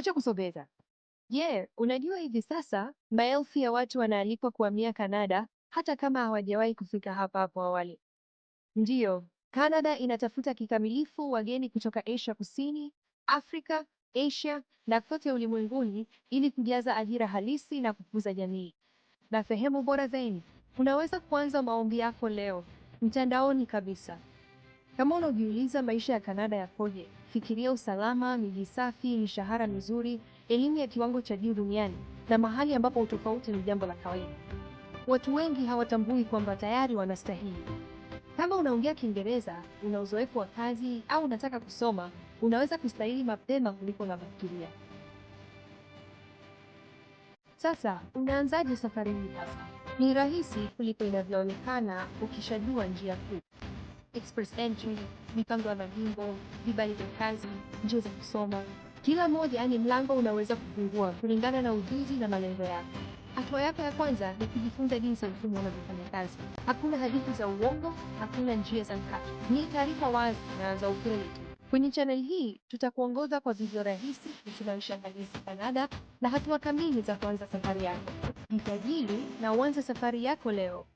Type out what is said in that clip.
acha kusobeza. Je, yeah, unajua hivi sasa maelfu ya watu wanaalikwa kuhamia Kanada hata kama hawajawahi kufika hapa hapo awali? Ndiyo, Kanada inatafuta kikamilifu wageni kutoka Asia Kusini, Afrika, Asia na kote ulimwenguni ili kujaza ajira halisi na kukuza jamii. Na sehemu bora zaidi, unaweza kuanza maombi yako leo mtandaoni kabisa. Kama unajiuliza maisha ya Kanada yakoje? fikiria usalama, miji safi, mishahara mizuri, elimu ya kiwango cha juu duniani na mahali ambapo utofauti ni jambo la kawaida. Watu wengi hawatambui kwamba tayari wanastahili. Kama unaongea Kiingereza, una uzoefu wa kazi au unataka kusoma, unaweza kustahili mapema kuliko unavyofikiria. Sasa unaanzaje safari hii Ni rahisi kuliko inavyoonekana ukishajua njia kuu. Express Entry, mipango ya mabingo, vibali vya kazi, njia za kusoma. Kila moja ni mlango unaweza kufungua kulingana na ujuzi na malengo yako. Hatua yako ya kwanza ni kujifunza jinsi mfumo unavyofanya kazi. Hakuna hadithi za uongo, hakuna njia za mkato, ni taarifa wazi na za ukweli Kwenye chaneli hii tutakuongoza kwa video rahisi kuchelewesha halisi Canada na hatua kamili za kuanza safari yako. Jisajili na uanze safari yako leo.